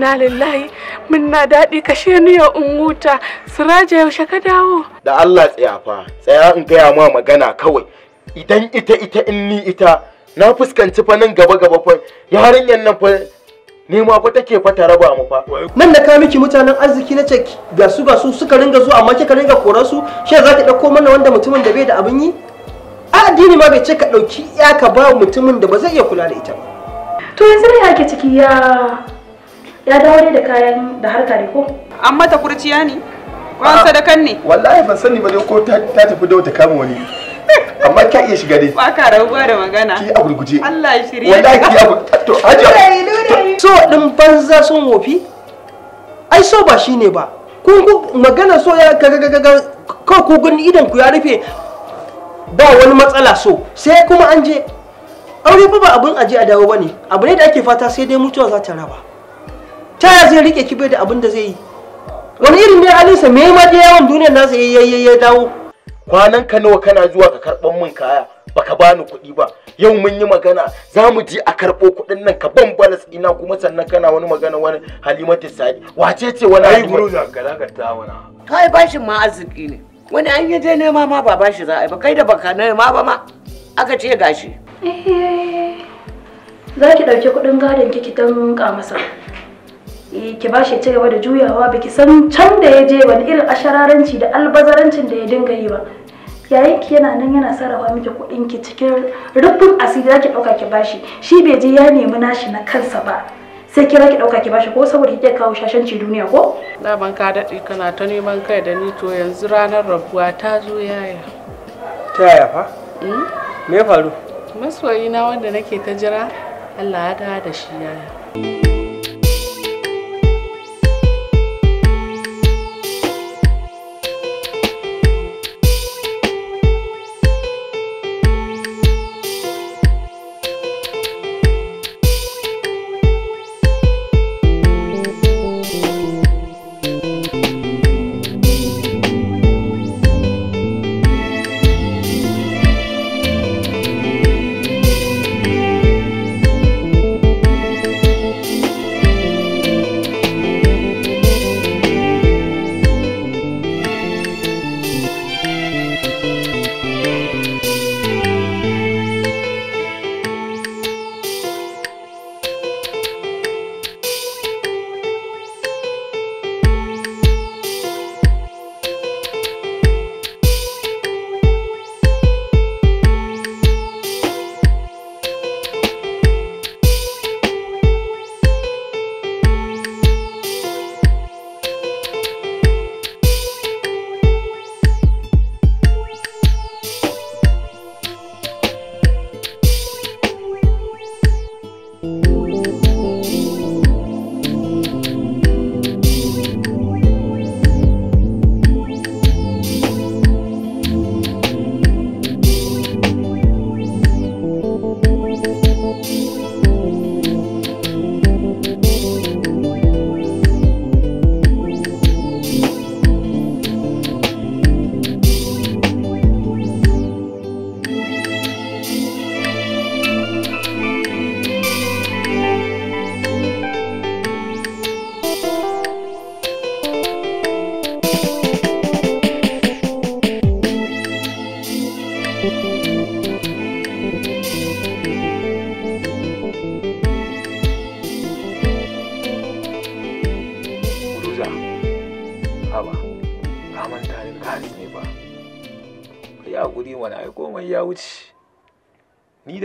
inna lillahi muna daɗi kashe ni ya unguta raja yaushe ka dawo da Allah tsaya fa tsaya in gaya ma magana kawai idan ita ita in ni ita na fuskanci fa nan gaba gaba fa yarinyar nan fa ni ma take fa ta raba mu fa nan da ka miki mutanen arziki na ce ga su ga su suka ringa zuwa amma kika ringa korar su she za ki dauko mana wanda mutumin da bai da abin yi a addini ma bai ce ka dauki iya ka ba mutumin da ba zai iya kula da ita ba to yanzu ne ake ciki ya ya dawo dai da kayan da harka ne ko An mata kurciya ne da kan ne wallahi ban sani ba dai ko ta tafi da wata kama wani amma ka iya shiga dai ba ka rabuwa da magana ki a gurguje Allah ya shirye wallahi ki a to hajiya so din banza sun wofi ai so ba shine ba ku magana so ya ga ga ga ko ku gun idan ku ya rufe ba wani matsala so sai kuma an je aure fa ba abin aje a dawo bane abu ne da ake fata sai dai mutuwa za ta raba ta zai rike ki da abin da zai yi wani irin ne alisa me ma da yawan duniyar nasa ya ya ya dawo kwanan ka nawa kana zuwa ka karban min kaya baka bani kuɗi ba yau mun yi magana za mu ji a karɓo kuɗin nan ka ban ina kuma sannan kana wani magana wani halimatu sa'id wace ce wani ai guru da galakata wana kai bashin ma arziki ne wani an yi je nema ma ba bashi za a yi ba kai da baka nema ba ma aka ce gashi eh, za ki ɗauki kuɗin gadon kiki don masa Eh, ki ba shi ci gaba da juyawa biki san can da ya je wani irin ashararanci da albazarancin da ya dinga yi ba yayin ki yana nan yana sarrafa miki kuɗin ki cikin rubun asiri ki ɗauka ki bashi shi bai je ya nemi nashi na kansa ba sai kira ki ɗauka ki bashi ko saboda kike kawo shashanci duniya ko ban ka daɗe kana ta neman kai da ni to yanzu ranar rabuwa ta zo yaya ta yaya fa hmm? me ya faru masoyina wanda nake ta jira Allah ya da shi yaya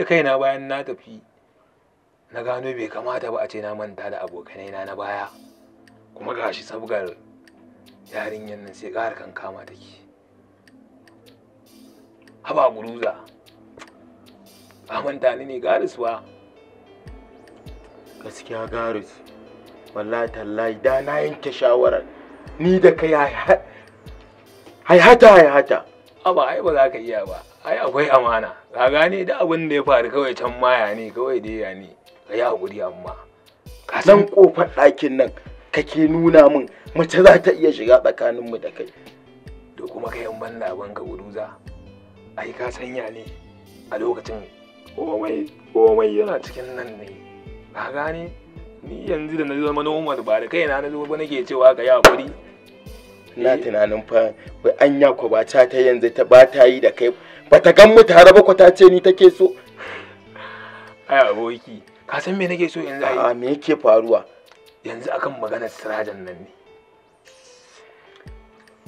kaina bayan na tafi na gano bai kamata ba a ce na manta da abokanaina na baya kuma gashi sabgar yarinyar nan sai ƙara kan kama take haba guruza a manta ni ne garis ba gaskiya garis wallahi tallahi da na yanke shawarar ni da kai haihata haihata haba ai ba za ka iya ba ai akwai amana ka gane da abin da ya faru kawai can maya ne kawai dai ya ne ka yi haƙuri amma ka san kofar ɗakin nan kake nuna min mace za ta iya shiga tsakaninmu da kai da kuma kai yan banda laban ka guduza ai ka sanya ne a lokacin komai yana cikin nan ne ka gane ni yanzu da na zama normal ba da kaina na zo ba nake cewa ka yi haƙuri na eh. tunanin fa wai anya ko ba ta ta yanzu ta ba ta yi da kai ba ta gan mu tare ba ko ta ce ni take so ai aboki ka san me nake so yanzu ai a me yake faruwa yanzu akan maganar sirajan nan ne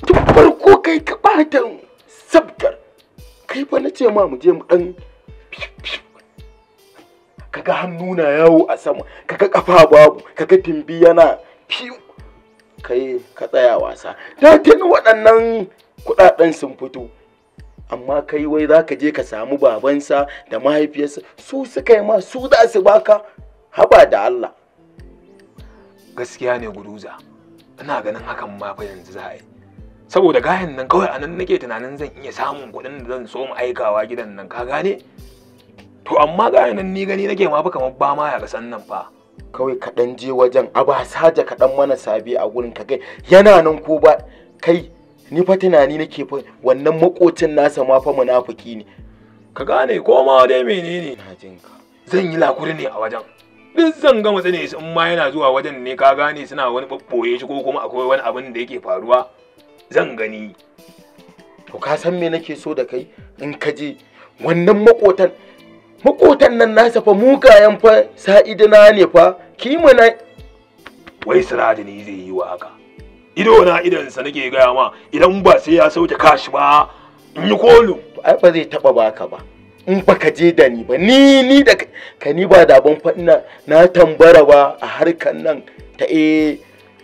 tun farko kai ka bata sabtar kai ba na ce ma mu je mu dan kaga hannuna yawo a sama kaga kafa babu kaga timbi yana kai ka tsaya wasa da tun waɗannan kuɗaɗen sun fito amma kai wai za ka je ka samu babansa da mahaifiyarsa su suka yi ma su za su baka haba da Allah gaskiya ne guduza ina ganin hakan ma fa yanzu za a yi saboda gayan nan kawai anan nake tunanin zan iya samun kuɗin da zan so mu aikawa gidan nan ka gane to amma gayan nan ni gani nake ma fa kamar ba ma ya kasan nan fa kawai kaɗan je wajen a ba saja ka mana sabe a gurin ka kai yana nan ko ba kai ni fa tunani nake fa wannan makocin nasa ma fa munafiki ne ka gane ko ma dai menene na jin ka zan yi lakuri ne a wajen duk zan gama tsane in ma yana zuwa wajen ne ka gane suna wani babboye shi ko kuma akwai wani abin da yake faruwa zan gani to ka san me nake so da kai in ka je wannan makotan makotan nan nasa fa mugayen fa sa'idina ne fa na wai sirada ne zai yi wa haka ido na idansa nake gaya ma idan ba sai ya sauke kashi ba in yi kolu ai ba zai taba baka ba in baka je da ni ba ni ni da ka ni ba da ban faɗi na tambara ba a harkan nan ta eh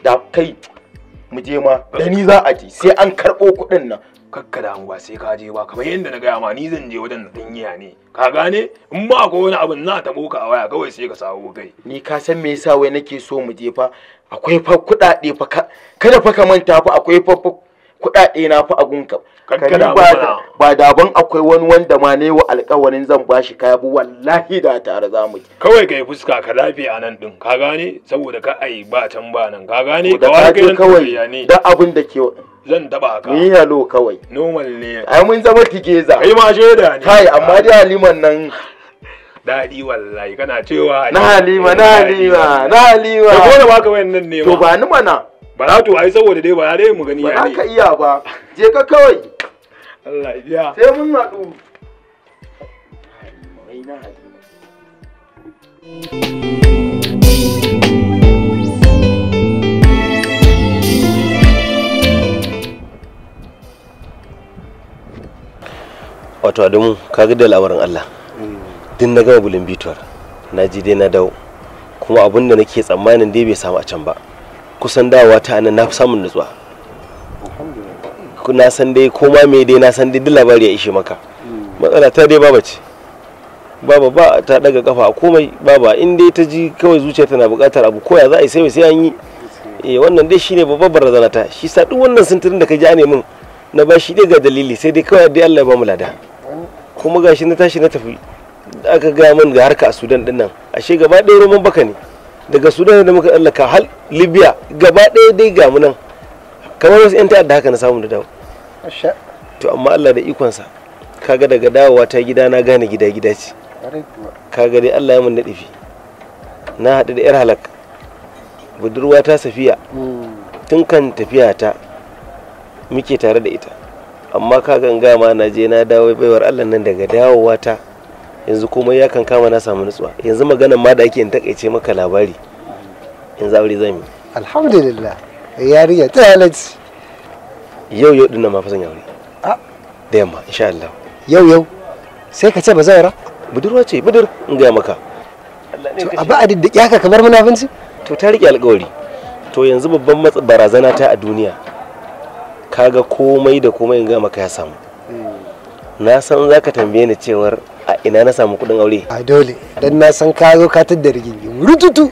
da kai mu je ma da ni za a je sai an karɓo kuɗin nan kakka damu ba sai ka je ba kamar yadda na gaya ma ni zan je wajen na danyiya ne ka gane in ba ko wani abin na ta ka a waya kawai sai ka sawo kai ni ka san me yasa wai nake so mu je fa akwai fa kuɗaɗe fa kada fa ka manta fa akwai fa kuɗaɗe na fi a ka ba daban akwai wani wanda ma ne wa alkawarin zan ba kaya kayabu wallahi da tare za mu kawai kai fuska ka lafiya a nan din ka gane saboda ka ai ba can ba nan ka gane ka wani kawai da abin da ke zan taba ka ni halo kawai normal ne ai mun zama tigeza kai ma da ne kai amma dai haliman nan daɗi wallahi kana cewa na halima na halima na halima ko da baka wayannan ne to ba ni mana ba za to ai saboda dai ba dai mu gani ya ba ka iya ba je ka kawai Allah ya sai mun haɗu wato adamu ka ga da labarin Allah din na gama bulin bituwar na ji dai na dawo kuma abin da nake tsammanin dai bai samu a can ba kusan dawowa ta nan na fi samun nutsuwa na san dai koma me dai na san dai duk labari ya ishe maka matsala ta dai baba ce baba ba ta daga kafa komai baba in dai ta ji kawai zuciya tana bukatar abu koya za a yi sai sai an yi eh wannan dai shine babbar barazana ta shi sa duk wannan sintirin da ka ji ane min na ba shi dai ga dalili sai dai kawai dai Allah ya ba mu lada kuma gashi na tashi na tafi aka gaya min ga harka a Sudan dinnan ashe gaba ɗaya roman baka ne daga sudan da muka tsallaka hal libya gaba ɗaya dai ga mu nan kamar wasu 'yan ta'adda haka na samu da dawo to amma allah da ikonsa kaga daga dawowa ta gida na gane gida gida ce kaga dai allah ya mun naɗifi na haɗu da yar halak budurwa ta safiya hmm. tun kan tafiya ta muke tare da ita amma kaga ga gama na je na dawo baiwar allah nan daga dawowa ta yanzu komai ya kan kama na samu nutsuwa yanzu maganan ma da ake in takaice maka labari yanzu aure zan yi alhamdulillah yarinya ta halarci yau yau dinnan ma fa zan yi aure da yamma insha Allah yau yau sai ka ce ba zan ra budurwa ce budur in ga maka to a ba a diddiki haka kamar munafunci to ta rike alƙawari to yanzu babban barazana ta a duniya kaga komai da komai in ga maka ya samu hmm. na san zaka tambaye ni cewar a ina na samu kuɗin aure a dole dan na san ka zo ka tadda rigingimu rututu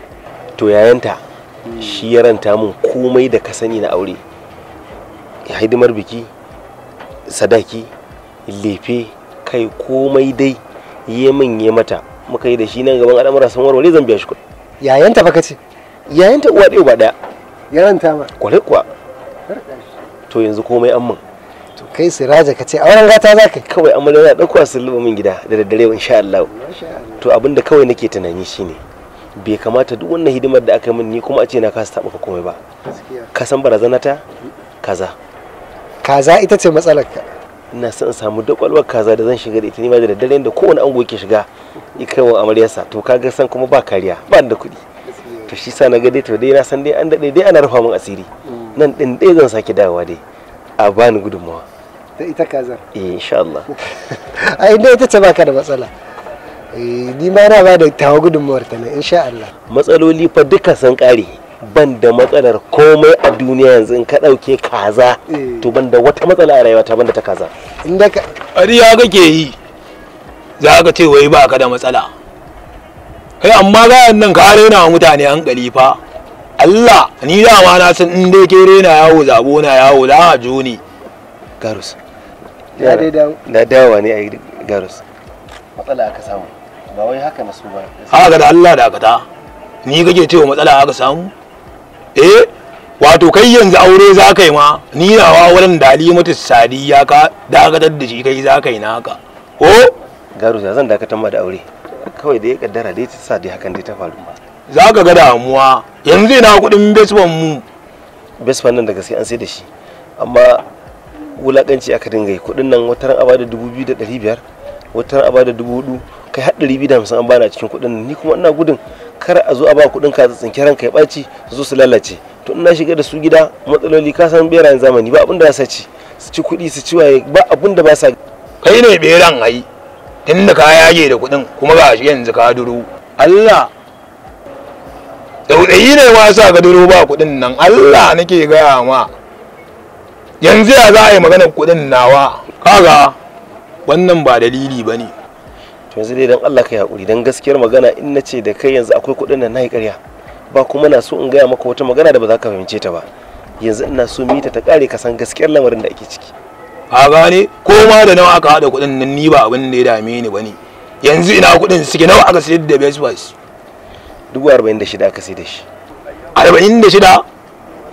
to yayanta shi ya ranta mun komai da ka sani na aure hidimar biki sadaki lefe kai komai dai yi min yi mata muka yi da shi nan gaban al'amura san warware zan biya shi kudi yayanta fa kace yayanta uwa ɗaya ba ɗaya yaranta ma kwale kuwa to yanzu komai an mun kai siraja ka ce a wurin gata za ka kawai amma na ɗauko a sulluɓa min gida da daddare insha Allah to abin da kawai nake tunani shine bai kamata duk wannan hidimar da aka yi min ni kuma a ce na kasa taɓa komai ba ka san barazana ta kaza kaza ita ce matsalar ka ina son in samu dakwalwar kaza da zan shiga da ita nima da daddare da kowane ango yake shiga ya kai wa amaryarsa to kaga san kuma ba kariya ba da kuɗi to shi sa na ga dai to dai na san dai an daɗe dai ana rufa min asiri mm. nan ɗin dai zan sake dawowa dai a bani gudunmawa da ita kazar insha Allah ai inda ita ce baka da matsala eh, ni ma na ba da tawa gudunmawar ta ne insha Allah matsaloli fa duka sun kare ban da matsalar komai a duniya yanzu in ka dauke kaza eh. to ban da wata matsala a rayuwa ta ban da ta kaza inda ka ariya kake yi za ka ce wai ba ka da matsala kai amma gayan nan ka rena mutane hankali fa Allah ni da ma na san inda dai ke rena yawo zabo na yawo za a jo ni garus na dai dawo na dawowa ne a yi garus matsala aka samu ba wai haka na su ba haka da Allah da akata ni kake cewa matsala aka samu eh wato kai yanzu aure za ka yi ma ni nawa wurin da alimatu ya ka dakatar da shi kai za ka yi naka ko garus zan dakatar ma da aure kawai da ya kaddara dai ta sa dai hakan dai ta faru za ka ga damuwa yanzu ina kuɗin besban mu besban nan da gaske an sai da shi amma wulakanci aka dinga yi kuɗin nan wata ran abada dubu biyu da ɗari biyar wata ran abada dubu hudu kai har ɗari biyu da hamsin an bana cikin kuɗin ni kuma ina gudun kar a zo a ba kuɗin ka tsinke ranka ya ɓaci su zo su lalace to ina shiga da su gida matsaloli ka san berayen zamani ba abin da za ci su ci kuɗi su ci waye ba abin da ba sa kai ne beran ayi tun da ka yage da kuɗin kuma ga shi yanzu ka duru Allah daudayi ne wasa ga duru ba kuɗin nan Allah nake gaya ma yanzu ya za a yi maganar kuɗin nawa kaga wannan ba dalili ba ne yanzu dai don allah ka haƙuri don gaskiyar magana in na ce da kai yanzu akwai kuɗin nan na yi ƙarya ba kuma na so in gaya maka wata magana da ba za ka fahimce ta ba yanzu ina so mita ta ƙare ka san gaskiyar lamarin da ake ciki a gane ko ma da nawa aka haɗa kuɗin nan ni ba abin da ya dame ni ba ne yanzu ina kuɗin suke nawa aka sayar da best buys dubu arba'in da shida aka sayar da shi arba'in da shida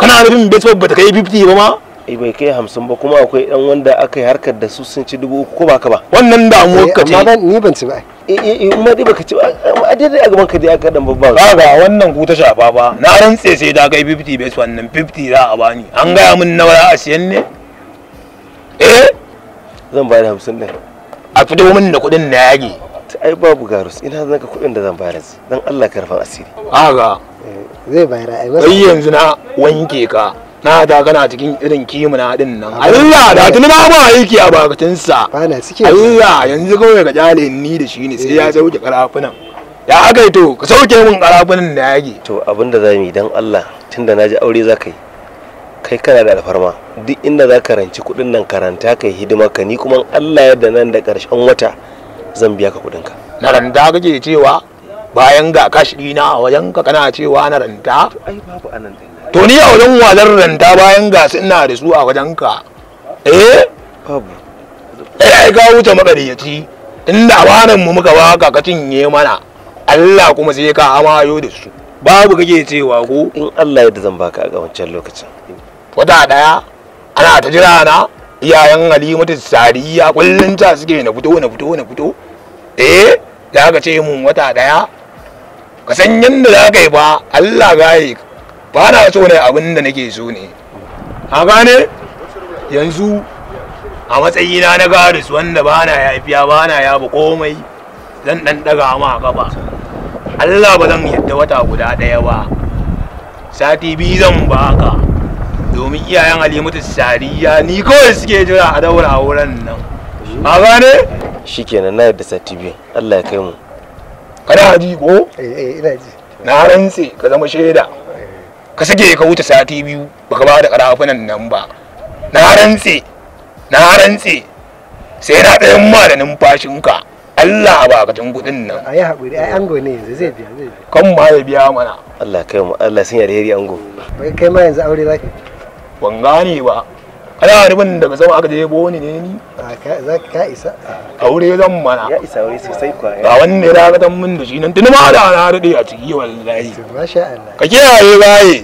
kana nufin best buys ba ta kai 50 ba ma Eh, bai kai hamsin ba kuma akwai dan wanda aka yi harkar da su sun ci dubu uku ko ba ka ba wannan mu eh, ka ce amma ni ban ci ba eh, ma dai baka ci ba a dai a gaban ka dai aka dan babba ga wannan ku ta shafa ba na rantse sai da kai 50 base wannan 50 za a bani an gaya min nawa za a siyan ne eh zan ba da hamsin din a fito min da kudin na yage ai babu garus ina zan ka kudin da zan bayar dan Allah karfan asiri ga. zai bayar ai yanzu na wanke ka na da kana cikin irin na din nan Allah da tuni na ba aiki a bakatun sa Allah yanzu kawai ga jale ni da shi ne sai ya eh. sauke karafunan ya aka to ka sauke min karafunan da yage to abinda zamu yi dan Allah tunda naji aure zaka yi kai kana da alfarma duk inda za ka ranci kudin nan karanta kai hidima ka ni kuma Allah yadda nan da karshen wata zan biya ka kudin ka na ranta kake cewa bayan ga kashi na a wajen ka kana cewa na ranta ai babu anan to ni a wajen wajen ranta bayan gasu ina da su a wajen ka eh babu eh ka wuce makariyaci tunda abanan mu muka baka ka cinye mana Allah kuma sai ka amayo da su babu kake cewa ko in Allah ya zan baka a wancan lokacin wata daya ana ta jira na iyayen Halimatu Sariya kullun ta suke na fito na fito na fito eh da ka ce mun wata daya ka san yadda za ka yi ba Allah ga yi ba na so ne abin da nake so ne a gane yanzu a matsayina na garis wanda ba na yafiya ba na yaba komai zan dan daga ma gaba Allah ba zan yadda wata guda ɗaya ba sati biyu zan baka domin iyayen halimatu sariya ni kawai suke jira a daura auren nan a gane shikenan na yadda sati biyu Allah ya kai mu kada ji ko eh, eh, na rantse ka zama shaida ka sake ka wuce sati biyu baka ba da karafunan nan ba na rantse na rantse sai na ɗayan ma da numfashinka Allah a tun kuɗin nan a yi haƙuri ai ango ne yanzu zai biya zai biya kan ma ya biya mana Allah kai mu Allah sun yarda ango bai kai ma yanzu aure zaki ban gane ba Ala wani bin daga sama aka je boni ne ni za ka isa aure zan mana ya isa aure sosai kwa ga wanda ya min da shi nan tuni ma da na rade a ciki wallahi masha Allah ka kiyaye baye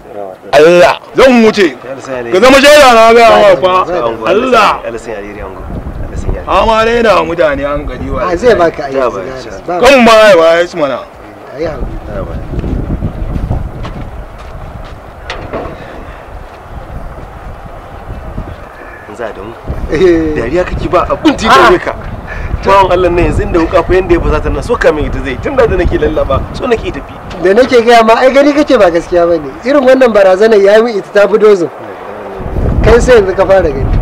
Allah zan wuce ka zama shaida na ga ma fa Allah Allah sai amma mutane an gari wa zai baka ayyuka kan ba ya mana ayi za da eh. dariya kake ba abun ti dare ka ah. bawon Allah ne yanzu da wuka fa yanda ya fusata na so kamin ita zai da nake lallaba so nake tafi da nake gaya ma ai gani kake ba gaskiya ne irin wannan barazanar yayi min ita ta budozin kai sai yanzu ka fara gani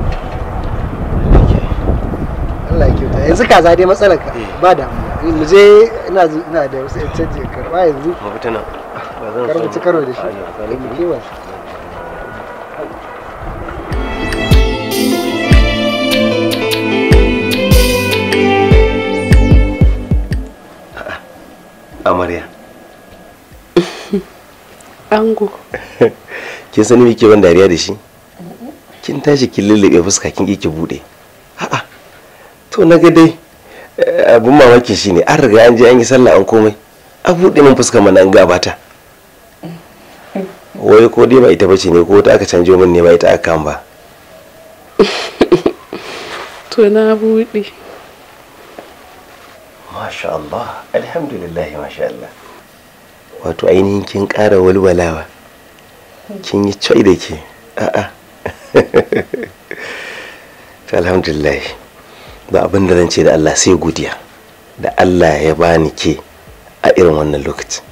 Allah ya kyauta yanzu matsalar ka eh. ba mu je ina da wasu canji yanzu ba karo da shi amarya ango kin sani me ke ban dariya da shi kin tashi kin lullube fuska kin ki bude a'a to na ga dai eh, abun mamakin shine an riga an je an yi sallah an komai a buɗe min fuska mana an gabata wai ko dai ba ita bace ne ko ta aka canjo min ne ba ita aka kan ba to na buɗe Masha Allah, alhamdulillah masha Allah. Wato ainihin kin ƙara walwalawa. Kin yi coi da ke. A'a. Ta alhamdulillah. Ba abin da zan ce da Allah sai godiya. Da Allah ya bani ke a irin wannan lokaci.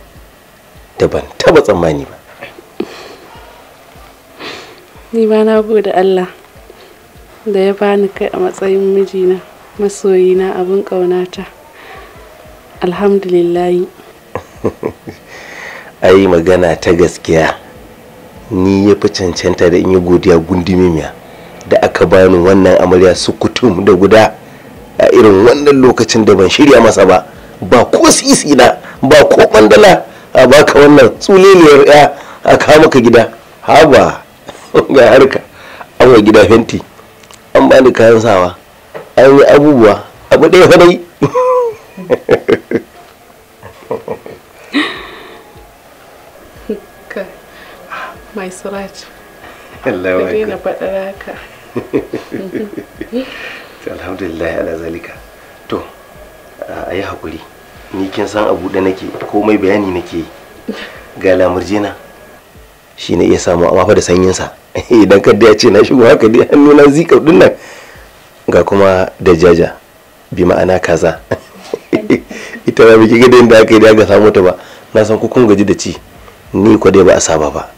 Da ban taba tsammani ba. Ni ba na gode Allah da ya bani kai a matsayin mijina, masoyina abin ƙaunata. alhamdulillahi ai magana ta gaskiya ni ya fi cancanta da in yi godiya gundumimiya da aka bani wannan amarya su kutum da guda a irin wannan lokacin da ban shirya masa ba ba ko sisi na ba ko mandala a baka wannan tsuliliyar ya a kawo maka gida haba ga harka an wa gida fenti an bani kayan sawa an yi abubuwa abu ɗaya fa mai suraj Allah ka na faɗa haka alhamdulillah ala zalika to a yi haƙuri ni kin san abu da nake komai bayani nake ga lamurjina shi ne iya samu amma fa da sanyinsa idan kadda ya ce na shigo haka dai hannuna zika dinnan ga kuma da jaja bi ma'ana kaza ita ba biki gidan da aka yi da ga samu ta ba na san kun gaji da ci ni ko dai ba a saba ba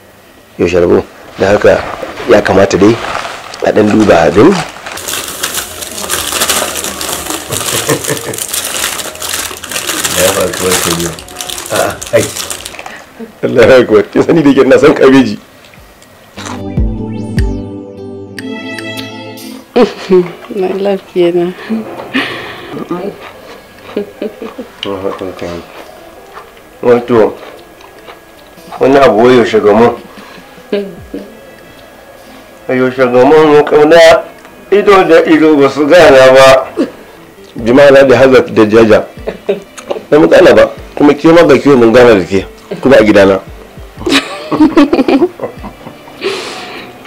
yau sharbo da haka ya kamata dai a dan duba abin Allah ya kuwa kin sani da ke na san kabeji my na lafiya na wato wani abu wayo shagamun wayo shagamun kauna ido da ido ba su gana ba jimala da hazard da jaja na ba kuma ke ma kiwo mun gana da ke kuma a gidana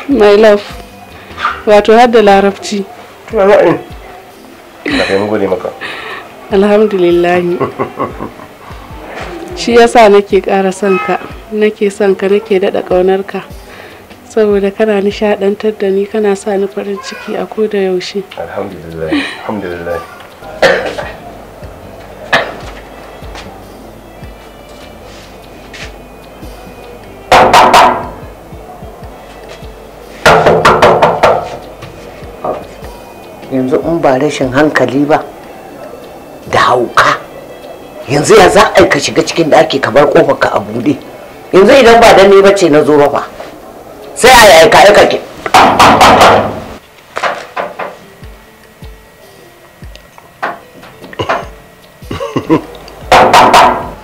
my love wato har da larabci kai mun gode maka alhamdulillah shi yasa nake ƙara son ka nake son ka nake daɗa ƙaunar ka saboda kana nishaɗantar da ni kana sa ni farin ciki a ko da yaushe alhamdulillah yanzu in ba rashin hankali ba hauka yanzu ya za a ka shiga cikin da ake kamar kofar ka a bude yanzu idan ba dan ne bace na zo ba sai a yi ka aika ki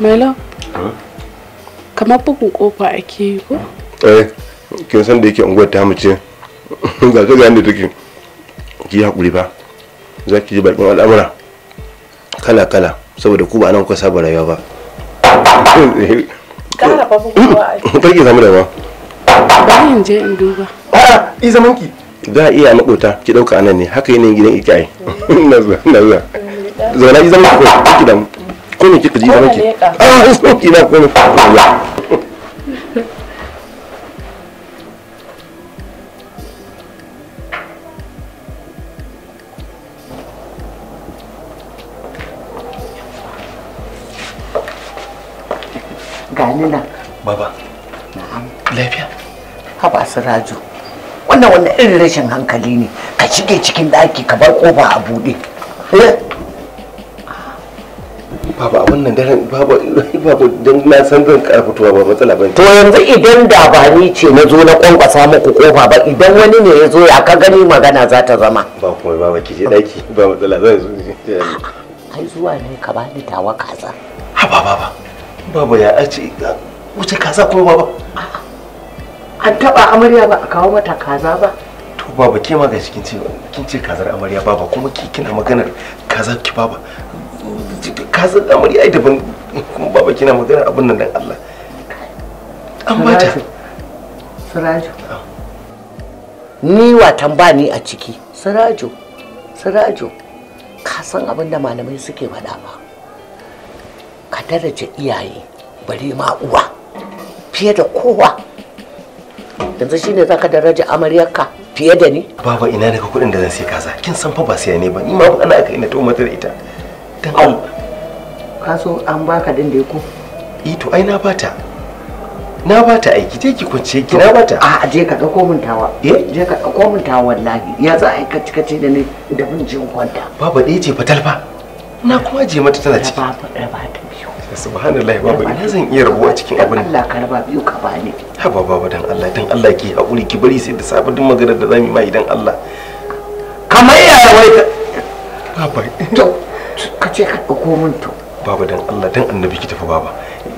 Mela kamar bugun kofa ake yi ko? Eh, kin san da yake unguwar ta mace ga ga ne take ki hakuri ba za ki ji bakin al'amura kala kala saboda ku ba nan kuka saba rayuwa ba kara fa samu da ba bari je in duba a'a zaman ki za a iya makota ki dauka anan ne haka yanayin gidan iki ai na zuwa na ko ki da ko ne kika ji zaman ki a'a na ko ne gani nan baba na'am lafiya haba siraju wannan wannan irin rashin hankali ne ka shige cikin daki ka bar kofa a buɗe eh? baba a wannan daren baba baba dan na san zan ƙara fitowa ba matsala bane to yanzu idan da ba ni ce na zo na kwankwasa muku kofa ba idan wani ne ya zo ya ka gani magana za ta zama ba kuma baba ki je daki ba matsala zan zo ai zuwa ne ka bani tawa kaza ha baba baba. baba ya ace wuce kaza kuma baba an taba amarya ba a kawo mata kaza ba to baba ke ma gashi kin ce kin ce kazar amarya baba kuma ki kina maganar kaza ki baba kazar amarya ai daban kuma baba kina maganar abin nan dan Allah an bata Siraju ah. ni watan ba ni a ciki Siraju Siraju ka san abin da malamai suke faɗa ba daraja iyaye bari ma uwa fiye da kowa yanzu shine zaka daraja amaryarka fiye da ni baba ina ne ka kudin da zan sai kaza kin san fa ba sai ne ba ni ma ana aka ina to mata da ita dan au ka so an baka din da ko eh to ai na bata na bata aiki je ki kwance ki na bata a je ka ga min tawa eh je ka ga min tawa wallahi ya za a kace kace da ni da bin jin kwanta baba dai ce fatal fa na kuma je mata tana ciki ba ba subhanallah babu ina zan iya rabuwa cikin abin Allah ka raba biyu ka bani ha baba ba dan Allah dan Allah ki hakuri ki bari sai da safe duk maganar da zamu mai dan Allah kamar yaya wai ka baba to ka ce ka dauko mun to baba dan Allah dan annabi ki tafi baba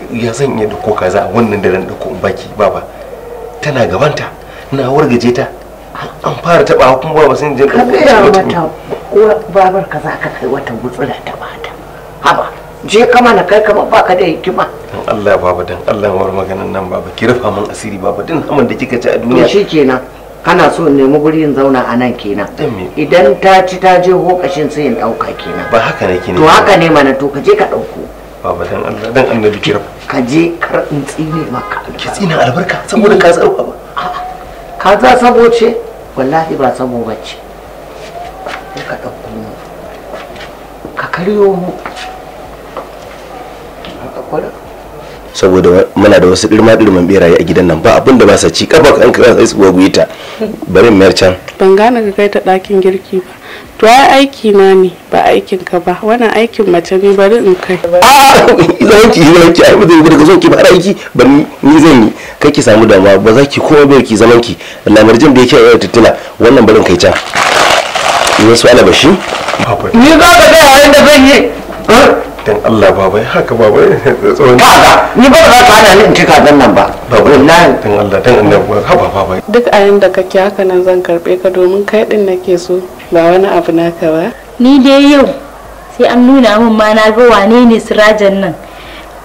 ya zan iya dauko kaza wannan daren dauko in baki baba tana gabanta na wargaje ta an fara taba kuma baba sun je ka ga mata babar ka za ka kai wata gutsura ta bata je kama na kai ba baka da hikima Allah baba dan Allah war maganan nan baba ki rufa mun asiri baba din haman da kika ci a duniya to kenan kana so in mu guri in zauna a nan kenan idan ta ci ta je hokashin sai in dauka kenan ba haka ne kenan to haka ne mana to ka je ka dauko baba dan Allah dan annabi ki rufa ka je kar in tsine maka ki tsine albarka saboda ka tsaro ba ka za sabo ce wallahi ba sabo bace ka dauko ka karyo mu saboda muna da wasu dirma dirman beraye a gidan nan ba abin da ba sa ci kafa kan kan sai su goguye ta bari mu can ban gane ka kai ta dakin girki ba to ai aiki na ne ba aikin ka ba wannan aikin mace ne bari in kai a zan ki zan ki ai bazai gudu zan ki ba aiki ba ni zan yi kai ki samu damuwa ba za ki komai ba ki zaman ki lamarjin da yake yau tuttuna wannan barin kai can ni su alabashi ni za ka ga yayin da zan yi dan Allah baba bai haka baba tsawon kaga ni ba za ka hana ni in ci dan nan ba wallahi dan Allah dan annabi haba bai duk a yanda kake haka nan zan karbe ka domin kai din nake so ba wani abu naka ba ni dai yau sai an nuna min ma na ga wane ne sirajan nan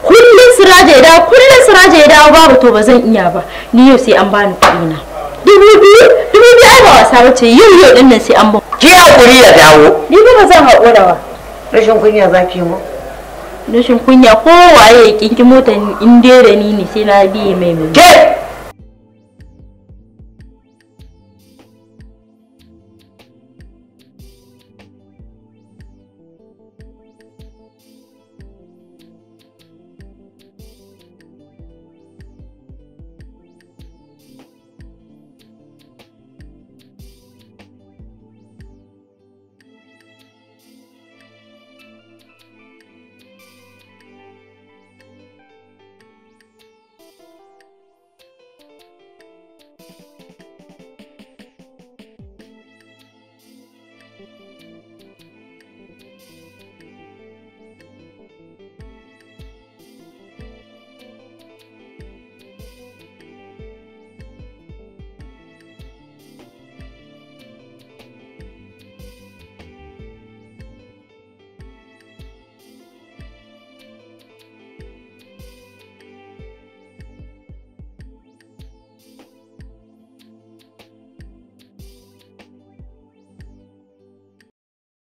kullum siraja ya dawo kullum siraja ya dawo babu to ba zan iya ba ni yau sai an bani kuɗi na dubu biyu dubu biyu ai ba wasa bace yau yau din nan sai an ba ke hakuri ya dawo ni ba zan haƙura ba rashin kunya zaki mu rashin kunya kowaye ya kinki motar inda da ni ne sai na biye mai mai